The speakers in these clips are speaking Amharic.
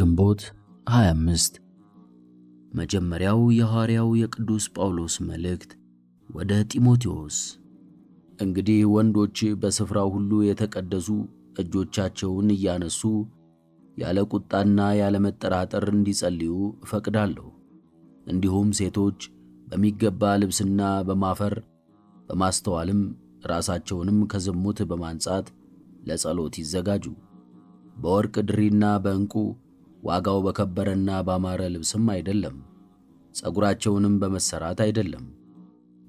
ግንቦት 25 መጀመሪያው የሐዋርያው የቅዱስ ጳውሎስ መልእክት ወደ ጢሞቴዎስ። እንግዲህ ወንዶች በስፍራው ሁሉ የተቀደሱ እጆቻቸውን እያነሱ ያለ ቁጣና ያለ መጠራጠር እንዲጸልዩ እፈቅዳለሁ። እንዲሁም ሴቶች በሚገባ ልብስና በማፈር በማስተዋልም ራሳቸውንም ከዝሙት በማንጻት ለጸሎት ይዘጋጁ። በወርቅ ድሪና በእንቁ ዋጋው በከበረና ባማረ ልብስም አይደለም፣ ጸጉራቸውንም በመሰራት አይደለም፣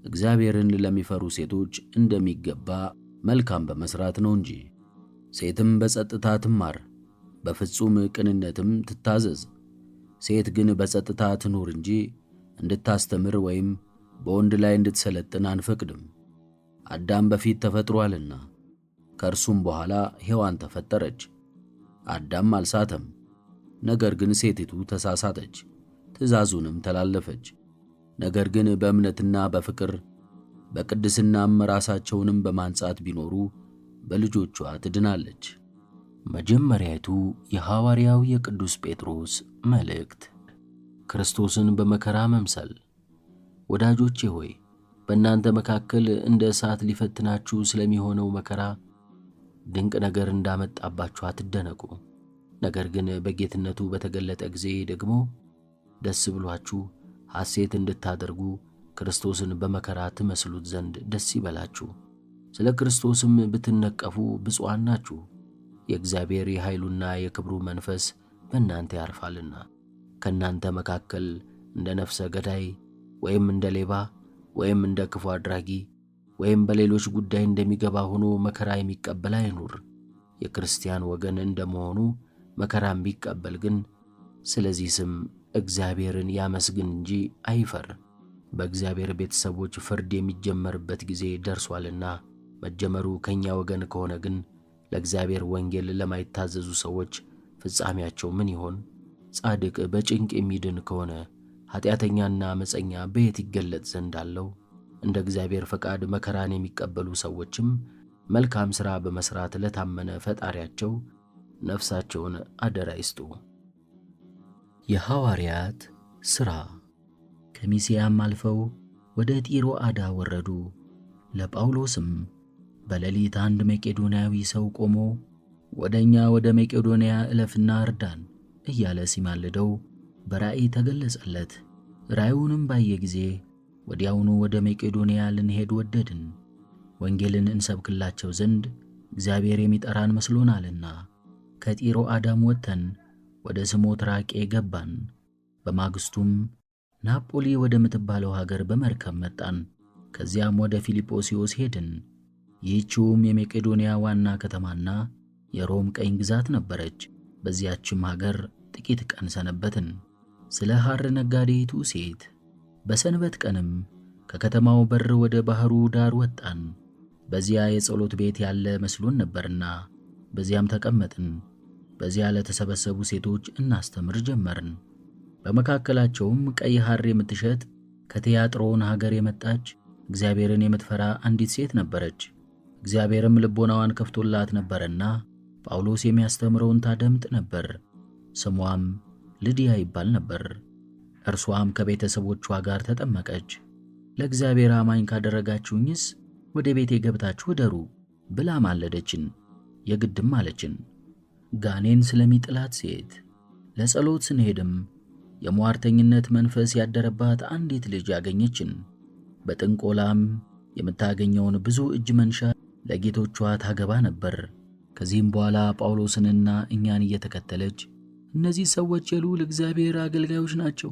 እግዚአብሔርን ለሚፈሩ ሴቶች እንደሚገባ መልካም በመስራት ነው እንጂ። ሴትም በጸጥታ ትማር፣ በፍጹም ቅንነትም ትታዘዝ። ሴት ግን በጸጥታ ትኑር እንጂ እንድታስተምር ወይም በወንድ ላይ እንድትሰለጥን አንፈቅድም። አዳም በፊት ተፈጥሯልና፣ ከእርሱም በኋላ ሔዋን ተፈጠረች። አዳም አልሳተም። ነገር ግን ሴቲቱ ተሳሳተች፣ ትእዛዙንም ተላለፈች። ነገር ግን በእምነትና በፍቅር በቅድስናም ራሳቸውንም በማንጻት ቢኖሩ በልጆቿ ትድናለች። መጀመሪያቱ የሐዋርያው የቅዱስ ጴጥሮስ መልእክት ክርስቶስን በመከራ መምሰል። ወዳጆቼ ሆይ በእናንተ መካከል እንደ እሳት ሊፈትናችሁ ስለሚሆነው መከራ ድንቅ ነገር እንዳመጣባችሁ አትደነቁ። ነገር ግን በጌትነቱ በተገለጠ ጊዜ ደግሞ ደስ ብሏችሁ ሐሴት እንድታደርጉ ክርስቶስን በመከራ ትመስሉት ዘንድ ደስ ይበላችሁ። ስለ ክርስቶስም ብትነቀፉ ብፁዓን ናችሁ፣ የእግዚአብሔር የኃይሉና የክብሩ መንፈስ በእናንተ ያርፋልና። ከእናንተ መካከል እንደ ነፍሰ ገዳይ ወይም እንደ ሌባ ወይም እንደ ክፉ አድራጊ ወይም በሌሎች ጉዳይ እንደሚገባ ሆኖ መከራ የሚቀበል አይኑር። የክርስቲያን ወገን እንደመሆኑ መከራም ቢቀበል ግን ስለዚህ ስም እግዚአብሔርን ያመስግን እንጂ አይፈር። በእግዚአብሔር ቤተሰቦች ፍርድ የሚጀመርበት ጊዜ ደርሷልና መጀመሩ ከእኛ ወገን ከሆነ ግን ለእግዚአብሔር ወንጌል ለማይታዘዙ ሰዎች ፍጻሜያቸው ምን ይሆን? ጻድቅ በጭንቅ የሚድን ከሆነ ኃጢአተኛና ዓመፀኛ በየት ይገለጥ ዘንድ አለው? እንደ እግዚአብሔር ፈቃድ መከራን የሚቀበሉ ሰዎችም መልካም ሥራ በመሥራት ለታመነ ፈጣሪያቸው ነፍሳቸውን አደራ ይስጡ። የሐዋርያት ሥራ ከሚስያም አልፈው ወደ ጢሮ አዳ ወረዱ። ለጳውሎስም በሌሊት አንድ መቄዶንያዊ ሰው ቆሞ ወደ እኛ ወደ መቄዶንያ እለፍና እርዳን እያለ ሲማልደው በራእይ ተገለጸለት። ራእዩንም ባየ ጊዜ ወዲያውኑ ወደ መቄዶንያ ልንሄድ ወደድን፣ ወንጌልን እንሰብክላቸው ዘንድ እግዚአብሔር የሚጠራን መስሎናልና። ከጢሮ አዳም ወጥተን ወደ ራቄ ገባን። በማግስቱም ናጶሊ ወደምትባለው ሀገር በመርከብ መጣን። ከዚያም ወደ ፊልጶስዮስ ሄድን። ይህችውም የመቄዶንያ ዋና ከተማና የሮም ቀኝ ግዛት ነበረች። በዚያችም ሀገር ጥቂት ቀን ሰነበትን። ስለ ሐር ነጋዴቱ ሴት በሰንበት ቀንም ከከተማው በር ወደ ባህሩ ዳር ወጣን። በዚያ የጸሎት ቤት ያለ መስሎን ነበርና በዚያም ተቀመጥን። በዚያ ለተሰበሰቡ ሴቶች እናስተምር ጀመርን። በመካከላቸውም ቀይ ሐር የምትሸት ከቲያጥሮን ሀገር የመጣች እግዚአብሔርን የምትፈራ አንዲት ሴት ነበረች። እግዚአብሔርም ልቦናዋን ከፍቶላት ነበርና ጳውሎስ የሚያስተምረውን ታደምጥ ነበር። ስሟም ልድያ ይባል ነበር። እርሷም ከቤተሰቦቿ ጋር ተጠመቀች። ለእግዚአብሔር አማኝ ካደረጋችሁኝስ ወደ ቤቴ ገብታችሁ እደሩ ብላ ማለደችን፣ የግድም አለችን። ጋኔን ስለሚጥላት ሴት። ለጸሎት ስንሄድም የሟርተኝነት መንፈስ ያደረባት አንዲት ልጅ ያገኘችን። በጥንቆላም የምታገኘውን ብዙ እጅ መንሻ ለጌቶቿ ታገባ ነበር። ከዚህም በኋላ ጳውሎስንና እኛን እየተከተለች እነዚህ ሰዎች የልዑል እግዚአብሔር አገልጋዮች ናቸው፣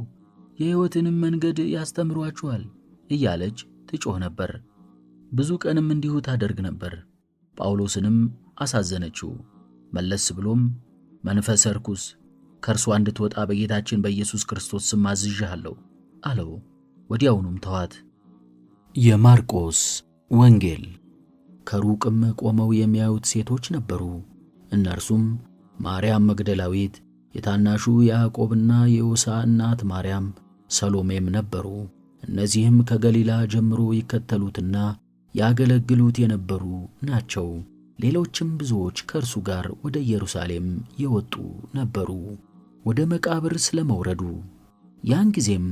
የሕይወትንም መንገድ ያስተምሯችኋል እያለች ትጮህ ነበር። ብዙ ቀንም እንዲሁ ታደርግ ነበር። ጳውሎስንም አሳዘነችው። መለስ ብሎም መንፈሰ ርኩስ ከእርሷ እንድትወጣ በጌታችን በኢየሱስ ክርስቶስ ስም አዝዣለሁ አለው። ወዲያውኑም ተዋት። የማርቆስ ወንጌል። ከሩቅም ቆመው የሚያዩት ሴቶች ነበሩ። እነርሱም ማርያም መግደላዊት፣ የታናሹ ያዕቆብና የዮሳ እናት ማርያም፣ ሰሎሜም ነበሩ። እነዚህም ከገሊላ ጀምሮ ይከተሉትና ያገለግሉት የነበሩ ናቸው። ሌሎችም ብዙዎች ከእርሱ ጋር ወደ ኢየሩሳሌም የወጡ ነበሩ። ወደ መቃብር ስለመውረዱ ያን ጊዜም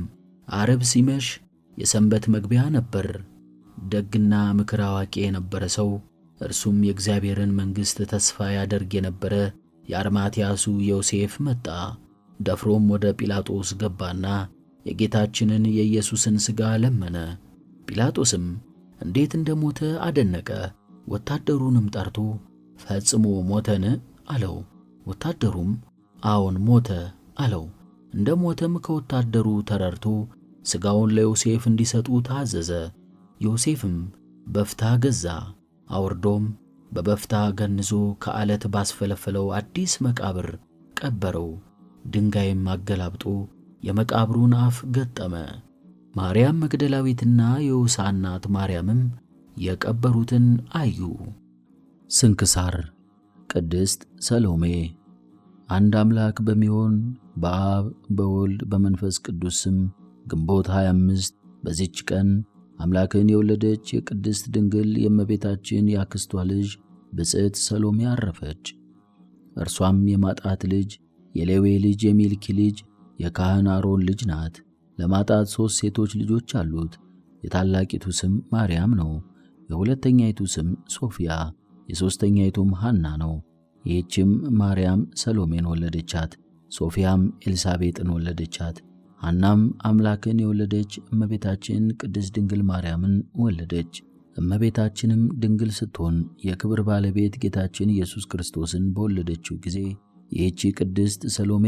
አረብ ሲመሽ የሰንበት መግቢያ ነበር። ደግና ምክር አዋቂ የነበረ ሰው እርሱም የእግዚአብሔርን መንግሥት ተስፋ ያደርግ የነበረ የአርማትያሱ ዮሴፍ መጣ። ደፍሮም ወደ ጲላጦስ ገባና የጌታችንን የኢየሱስን ሥጋ ለመነ። ጲላጦስም እንዴት እንደሞተ አደነቀ። ወታደሩንም ጠርቶ ፈጽሞ ሞተን አለው። ወታደሩም አዎን ሞተ አለው። እንደ ሞተም ከወታደሩ ተረድቶ ሥጋውን ለዮሴፍ እንዲሰጡ ታዘዘ። ዮሴፍም በፍታ ገዛ። አውርዶም በበፍታ ገንዞ ከዓለት ባስፈለፈለው አዲስ መቃብር ቀበረው። ድንጋይም አገላብጦ የመቃብሩን አፍ ገጠመ። ማርያም መግደላዊትና የውሳ እናት ማርያምም የቀበሩትን አዩ። ስንክሳር ቅድስት ሰሎሜ። አንድ አምላክ በሚሆን በአብ በወልድ በመንፈስ ቅዱስ ስም ግንቦት 25 በዚች ቀን አምላክን የወለደች የቅድስት ድንግል የእመቤታችን የአክስቷ ልጅ ብጽዕት ሰሎሜ አረፈች። እርሷም የማጣት ልጅ የሌዌ ልጅ የሚልኪ ልጅ የካህን አሮን ልጅ ናት። ለማጣት ሦስት ሴቶች ልጆች አሉት። የታላቂቱ ስም ማርያም ነው። የሁለተኛይቱ ስም ሶፊያ፣ የሦስተኛይቱም ሐና ነው። ይህችም ማርያም ሰሎሜን ወለደቻት። ሶፊያም ኤልሳቤጥን ወለደቻት። ሐናም አምላክን የወለደች እመቤታችን ቅድስት ድንግል ማርያምን ወለደች። እመቤታችንም ድንግል ስትሆን የክብር ባለቤት ጌታችን ኢየሱስ ክርስቶስን በወለደችው ጊዜ ይህቺ ቅድስት ሰሎሜ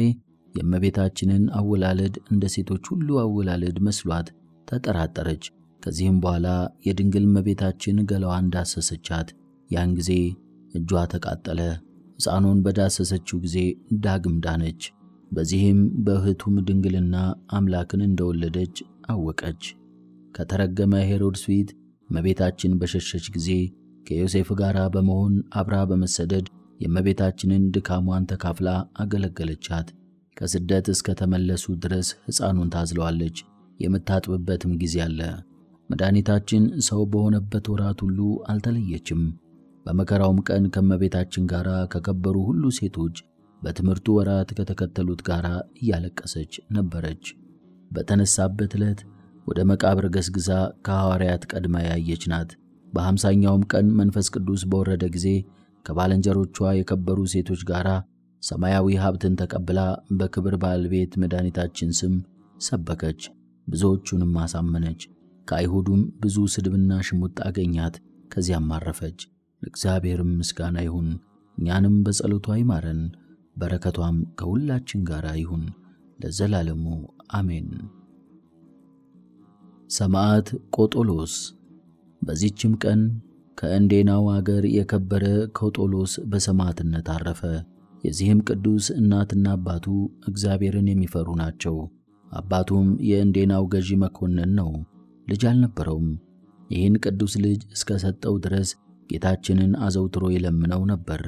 የእመቤታችንን አወላለድ እንደ ሴቶች ሁሉ አወላለድ መስሏት ተጠራጠረች። ከዚህም በኋላ የድንግል እመቤታችን ገላዋን ዳሰሰቻት። ያን ጊዜ እጇ ተቃጠለ። ሕፃኑን በዳሰሰችው ጊዜ ዳግም ዳነች። በዚህም በእህቱም ድንግልና አምላክን እንደወለደች አወቀች። ከተረገመ ሄሮድስ ፊት እመቤታችን በሸሸች ጊዜ ከዮሴፍ ጋር በመሆን አብራ በመሰደድ የእመቤታችንን ድካሟን ተካፍላ አገለገለቻት። ከስደት እስከ ተመለሱ ድረስ ሕፃኑን ታዝለዋለች። የምታጥብበትም ጊዜ አለ። መድኃኒታችን ሰው በሆነበት ወራት ሁሉ አልተለየችም። በመከራውም ቀን ከመቤታችን ጋር ከከበሩ ሁሉ ሴቶች በትምህርቱ ወራት ከተከተሉት ጋር እያለቀሰች ነበረች። በተነሳበት ዕለት ወደ መቃብር ገስግዛ ከሐዋርያት ቀድማ ያየች ናት። በሐምሳኛውም ቀን መንፈስ ቅዱስ በወረደ ጊዜ ከባለንጀሮቿ የከበሩ ሴቶች ጋር ሰማያዊ ሀብትን ተቀብላ በክብር ባለቤት መድኃኒታችን ስም ሰበከች፣ ብዙዎቹንም አሳመነች። ከአይሁዱም ብዙ ስድብና ሽሙጥ አገኛት። ከዚያም አረፈች። ለእግዚአብሔርም ምስጋና ይሁን፣ እኛንም በጸሎቷ ይማረን፣ በረከቷም ከሁላችን ጋር ይሁን ለዘላለሙ አሜን። ሰማዕት ቆጦሎስ። በዚችም ቀን ከእንዴናው አገር የከበረ ቆጦሎስ በሰማዕትነት አረፈ። የዚህም ቅዱስ እናትና አባቱ እግዚአብሔርን የሚፈሩ ናቸው። አባቱም የእንዴናው ገዢ መኮንን ነው። ልጅ አልነበረውም። ይህን ቅዱስ ልጅ እስከ ሰጠው ድረስ ጌታችንን አዘውትሮ ይለምነው ነበር።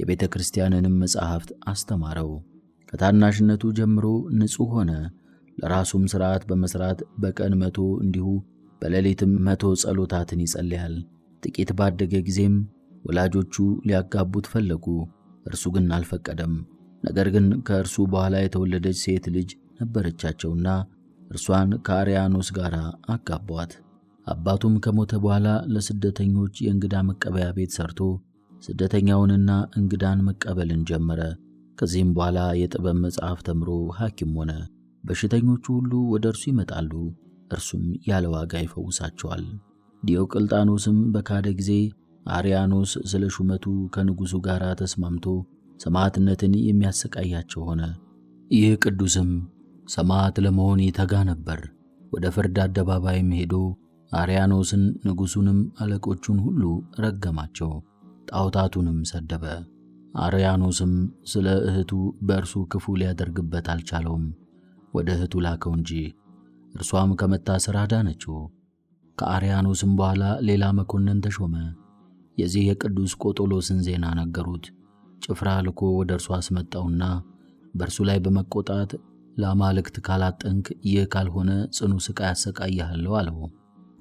የቤተ ክርስቲያንንም መጻሕፍት አስተማረው። ከታናሽነቱ ጀምሮ ንጹሕ ሆነ። ለራሱም ሥርዓት በመሥራት በቀን መቶ እንዲሁ በሌሊትም መቶ ጸሎታትን ይጸልያል። ጥቂት ባደገ ጊዜም ወላጆቹ ሊያጋቡት ፈለጉ፣ እርሱ ግን አልፈቀደም። ነገር ግን ከእርሱ በኋላ የተወለደች ሴት ልጅ ነበረቻቸውና እርሷን ከአርያኖስ ጋር አጋቧት። አባቱም ከሞተ በኋላ ለስደተኞች የእንግዳ መቀበያ ቤት ሰርቶ ስደተኛውንና እንግዳን መቀበልን ጀመረ። ከዚህም በኋላ የጥበብ መጽሐፍ ተምሮ ሐኪም ሆነ። በሽተኞቹ ሁሉ ወደ እርሱ ይመጣሉ፣ እርሱም ያለ ዋጋ ይፈውሳቸዋል። ዲዮቅልጣኖስም በካደ ጊዜ አርያኖስ ስለ ሹመቱ ከንጉሡ ጋር ተስማምቶ ሰማዕትነትን የሚያሰቃያቸው ሆነ። ይህ ቅዱስም ሰማዕት ለመሆን ይተጋ ነበር። ወደ ፍርድ አደባባይም ሄዶ አርያኖስን ንጉሡንም አለቆቹን ሁሉ ረገማቸው፣ ጣዖታቱንም ሰደበ። አርያኖስም ስለ እህቱ በእርሱ ክፉ ሊያደርግበት አልቻለውም፣ ወደ እህቱ ላከው እንጂ እርሷም ከመታሰር አዳነችው። ከአርያኖስም በኋላ ሌላ መኮንን ተሾመ። የዚህ የቅዱስ ቆጦሎስን ዜና ነገሩት። ጭፍራ ልኮ ወደ እርሱ አስመጣውና በእርሱ ላይ በመቆጣት ለአማልክት ካላጠንክ ይህ ካልሆነ ጽኑ ሥቃይ አሰቃይሃለሁ አለው።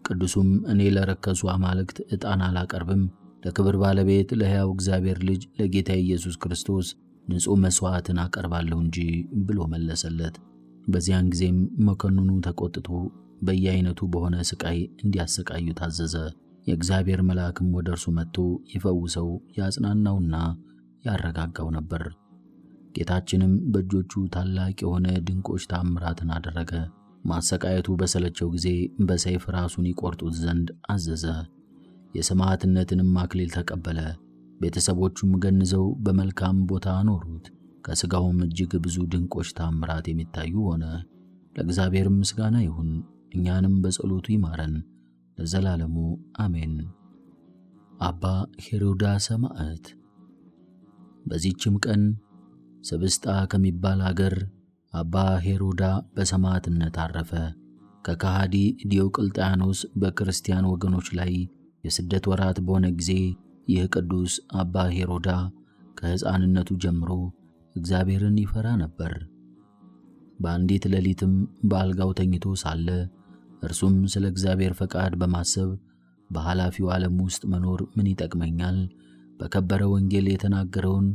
ቅዱሱም እኔ ለረከሱ አማልክት ዕጣን አላቀርብም፣ ለክብር ባለቤት ለሕያው እግዚአብሔር ልጅ ለጌታ ኢየሱስ ክርስቶስ ንጹሕ መሥዋዕትን አቀርባለሁ እንጂ ብሎ መለሰለት። በዚያን ጊዜም መኮንኑ ተቆጥቶ በየአይነቱ በሆነ ሥቃይ እንዲያሰቃዩ ታዘዘ። የእግዚአብሔር መልአክም ወደ እርሱ መጥቶ ይፈውሰው ያጽናናውና ያረጋጋው ነበር። ጌታችንም በእጆቹ ታላቅ የሆነ ድንቆች ታምራትን አደረገ። ማሰቃየቱ በሰለቸው ጊዜ በሰይፍ ራሱን ይቆርጡት ዘንድ አዘዘ። የሰማዕትነትንም አክሊል ተቀበለ። ቤተሰቦቹም ገንዘው በመልካም ቦታ አኖሩት። ከሥጋውም እጅግ ብዙ ድንቆች ታምራት የሚታዩ ሆነ። ለእግዚአብሔርም ምስጋና ይሁን፣ እኛንም በጸሎቱ ይማረን ለዘላለሙ አሜን። አባ ሄሮዳ ሰማዕት። በዚህችም ቀን ስብስጣ ከሚባል አገር አባ ሄሮዳ በሰማዕትነት አረፈ። ከካሃዲ ዲዮቅልጥያኖስ በክርስቲያን ወገኖች ላይ የስደት ወራት በሆነ ጊዜ ይህ ቅዱስ አባ ሄሮዳ ከሕፃንነቱ ጀምሮ እግዚአብሔርን ይፈራ ነበር። በአንዲት ሌሊትም በአልጋው ተኝቶ ሳለ እርሱም ስለ እግዚአብሔር ፈቃድ በማሰብ በኃላፊው ዓለም ውስጥ መኖር ምን ይጠቅመኛል? በከበረ ወንጌል የተናገረውን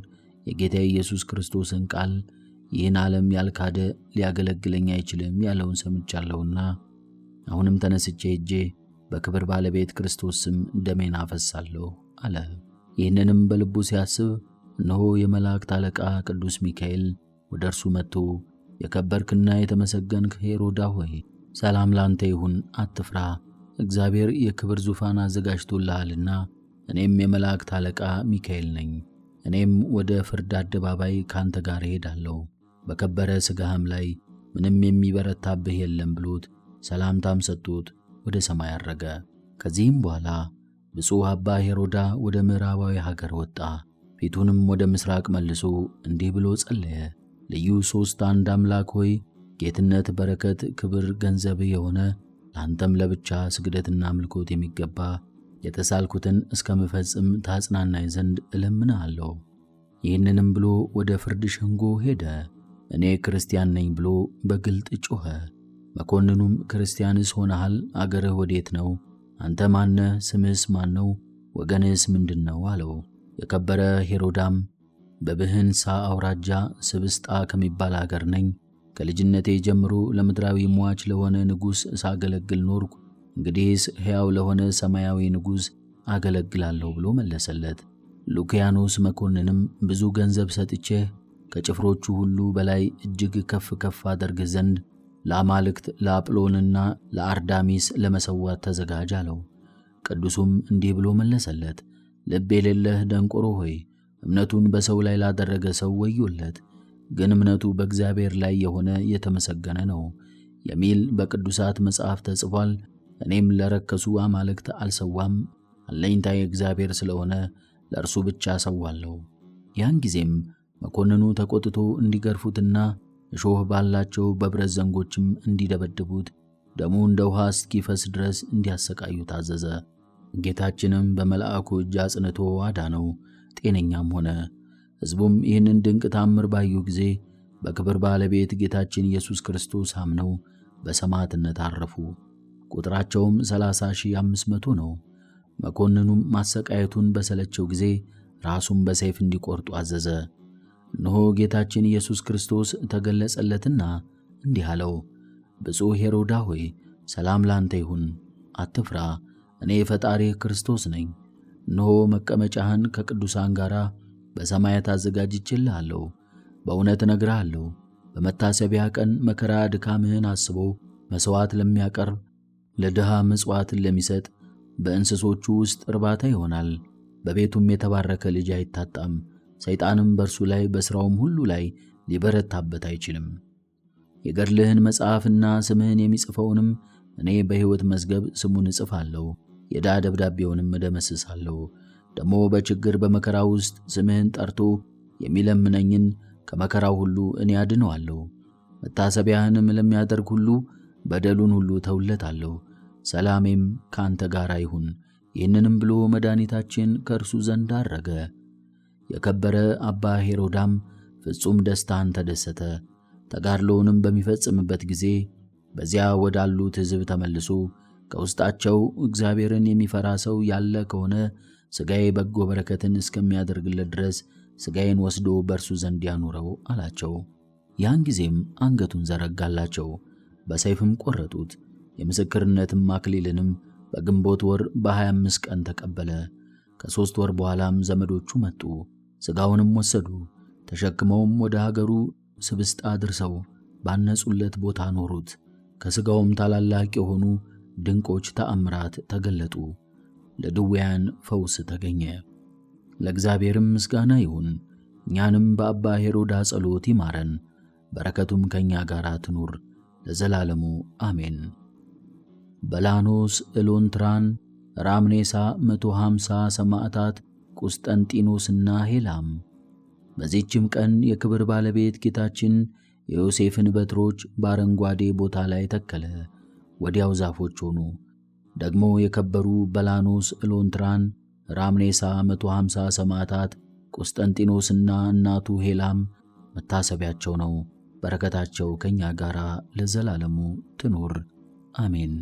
የጌታ ኢየሱስ ክርስቶስን ቃል ይህን ዓለም ያልካደ ሊያገለግለኝ አይችልም ያለውን ሰምቻለሁና አሁንም ተነስቼ እጄ በክብር ባለቤት ክርስቶስ ስም ደሜን አፈሳለሁ አለ። ይህንንም በልቡ ሲያስብ እነሆ የመላእክት አለቃ ቅዱስ ሚካኤል ወደ እርሱ መጥቶ የከበርክና የተመሰገንክ ሄሮዳ ሆይ ሰላም ላንተ ይሁን፣ አትፍራ፣ እግዚአብሔር የክብር ዙፋን አዘጋጅቶልሃልና እኔም የመላእክት አለቃ ሚካኤል ነኝ እኔም ወደ ፍርድ አደባባይ ካንተ ጋር እሄዳለሁ፣ በከበረ ሥጋህም ላይ ምንም የሚበረታብህ የለም ብሎት ሰላምታም ሰጡት፣ ወደ ሰማይ አረገ። ከዚህም በኋላ ብፁዕ አባ ሄሮዳ ወደ ምዕራባዊ ሀገር ወጣ። ፊቱንም ወደ ምሥራቅ መልሶ እንዲህ ብሎ ጸለየ። ልዩ ሦስት አንድ አምላክ ሆይ ጌትነት፣ በረከት፣ ክብር ገንዘብ የሆነ ለአንተም ለብቻ ስግደትና አምልኮት የሚገባ የተሳልኩትን እስከምፈጽም ታጽናናኝ ዘንድ እለምንሃለሁ። ይህንንም ብሎ ወደ ፍርድ ሸንጎ ሄደ። እኔ ክርስቲያን ነኝ ብሎ በግልጥ ጮኸ። መኮንኑም ክርስቲያንስ ሆነሃል? አገርህ ወዴት ነው? አንተ ማነ ስምህስ ማን ነው? ወገንህስ ምንድን ነው አለው። የከበረ ሄሮዳም በብህንሳ አውራጃ ስብስጣ ከሚባል አገር ነኝ። ከልጅነቴ ጀምሮ ለምድራዊ ሟች ለሆነ ንጉሥ ሳገለግል ኖርኩ። እንግዲህ ሕያው ለሆነ ሰማያዊ ንጉሥ አገለግላለሁ ብሎ መለሰለት። ሉኪያኖስ መኮንንም ብዙ ገንዘብ ሰጥቼህ ከጭፍሮቹ ሁሉ በላይ እጅግ ከፍ ከፍ አደርግ ዘንድ ለአማልክት ለአጵሎንና ለአርዳሚስ ለመሰዋት ተዘጋጅ አለው። ቅዱሱም እንዲህ ብሎ መለሰለት፣ ልብ የሌለህ ደንቆሮ ሆይ እምነቱን በሰው ላይ ላደረገ ሰው ወዮለት፣ ግን እምነቱ በእግዚአብሔር ላይ የሆነ የተመሰገነ ነው የሚል በቅዱሳት መጽሐፍ ተጽፏል። እኔም ለረከሱ አማልክት አልሰዋም፣ አለኝታ የእግዚአብሔር ስለሆነ ለእርሱ ብቻ ሰዋለሁ። ያን ጊዜም መኮንኑ ተቆጥቶ እንዲገርፉትና እሾህ ባላቸው በብረት ዘንጎችም እንዲደበድቡት ደሙ እንደ ውሃ እስኪፈስ ድረስ እንዲያሰቃዩ ታዘዘ። ጌታችንም በመልአኩ እጅ አጽንቶ አዳነው፣ ጤነኛም ሆነ። ሕዝቡም ይህንን ድንቅ ታምር ባዩ ጊዜ በክብር ባለቤት ጌታችን ኢየሱስ ክርስቶስ አምነው በሰማዕትነት አረፉ። ቁጥራቸውም 30500 ነው። መኮንኑም ማሰቃየቱን በሰለቸው ጊዜ ራሱን በሰይፍ እንዲቆርጡ አዘዘ። እነሆ ጌታችን ኢየሱስ ክርስቶስ ተገለጸለትና እንዲህ አለው፣ ብፁዕ ሄሮዳ ሆይ ሰላም ላንተ ይሁን፣ አትፍራ፣ እኔ ፈጣሪህ ክርስቶስ ነኝ። እነሆ መቀመጫህን ከቅዱሳን ጋር በሰማያት አዘጋጅቼልሃለሁ። በእውነት እነግርሃለሁ በመታሰቢያ ቀን መከራ ድካምህን አስቦ መሥዋዕት ለሚያቀርብ ለድሃ ምጽዋትን ለሚሰጥ በእንስሶቹ ውስጥ እርባታ ይሆናል። በቤቱም የተባረከ ልጅ አይታጣም። ሰይጣንም በእርሱ ላይ በሥራውም ሁሉ ላይ ሊበረታበት አይችልም። የገድልህን መጽሐፍና ስምህን የሚጽፈውንም እኔ በሕይወት መዝገብ ስሙን እጽፋለሁ፣ የዕዳ ደብዳቤውንም እደመስሳለሁ። ደግሞ በችግር በመከራ ውስጥ ስምህን ጠርቶ የሚለምነኝን ከመከራው ሁሉ እኔ አድነዋለሁ። መታሰቢያህንም ለሚያደርግ ሁሉ በደሉን ሁሉ ተውለታለሁ። ሰላሜም ካንተ ጋር ይሁን። ይህንንም ብሎ መድኃኒታችን ከእርሱ ዘንድ አረገ። የከበረ አባ ሄሮዳም ፍጹም ደስታን ተደሰተ። ተጋድሎውንም በሚፈጽምበት ጊዜ በዚያ ወዳሉት ሕዝብ ተመልሶ ከውስጣቸው እግዚአብሔርን የሚፈራ ሰው ያለ ከሆነ ሥጋዬ በጎ በረከትን እስከሚያደርግለት ድረስ ሥጋዬን ወስዶ በእርሱ ዘንድ ያኑረው አላቸው። ያን ጊዜም አንገቱን ዘረጋላቸው። በሰይፍም ቆረጡት። የምስክርነትም አክሊልንም በግንቦት ወር በ25 ቀን ተቀበለ። ከሦስት ወር በኋላም ዘመዶቹ መጡ፣ ሥጋውንም ወሰዱ። ተሸክመውም ወደ ሀገሩ ስብስጣ አድርሰው ባነጹለት ቦታ ኖሩት። ከሥጋውም ታላላቅ የሆኑ ድንቆች ተአምራት ተገለጡ። ለድውያን ፈውስ ተገኘ። ለእግዚአብሔርም ምስጋና ይሁን። እኛንም በአባ ሄሮዳ ጸሎት ይማረን፣ በረከቱም ከእኛ ጋር ትኑር ለዘላለሙ አሜን። በላኖስ ኤሎንትራን፣ ራምኔሳ 150 ሰማዕታት ቁስጠንጢኖስና ሄላም። በዚህችም ቀን የክብር ባለቤት ጌታችን የዮሴፍን በትሮች በአረንጓዴ ቦታ ላይ ተከለ። ወዲያው ዛፎች ሆኑ። ደግሞ የከበሩ በላኖስ ኤሎንትራን፣ ራምኔሳ 150 ሰማዕታት ቁስጠንጢኖስና እናቱ ሄላም መታሰቢያቸው ነው። በረከታቸው ከእኛ ጋር ለዘላለሙ ትኑር አሜን።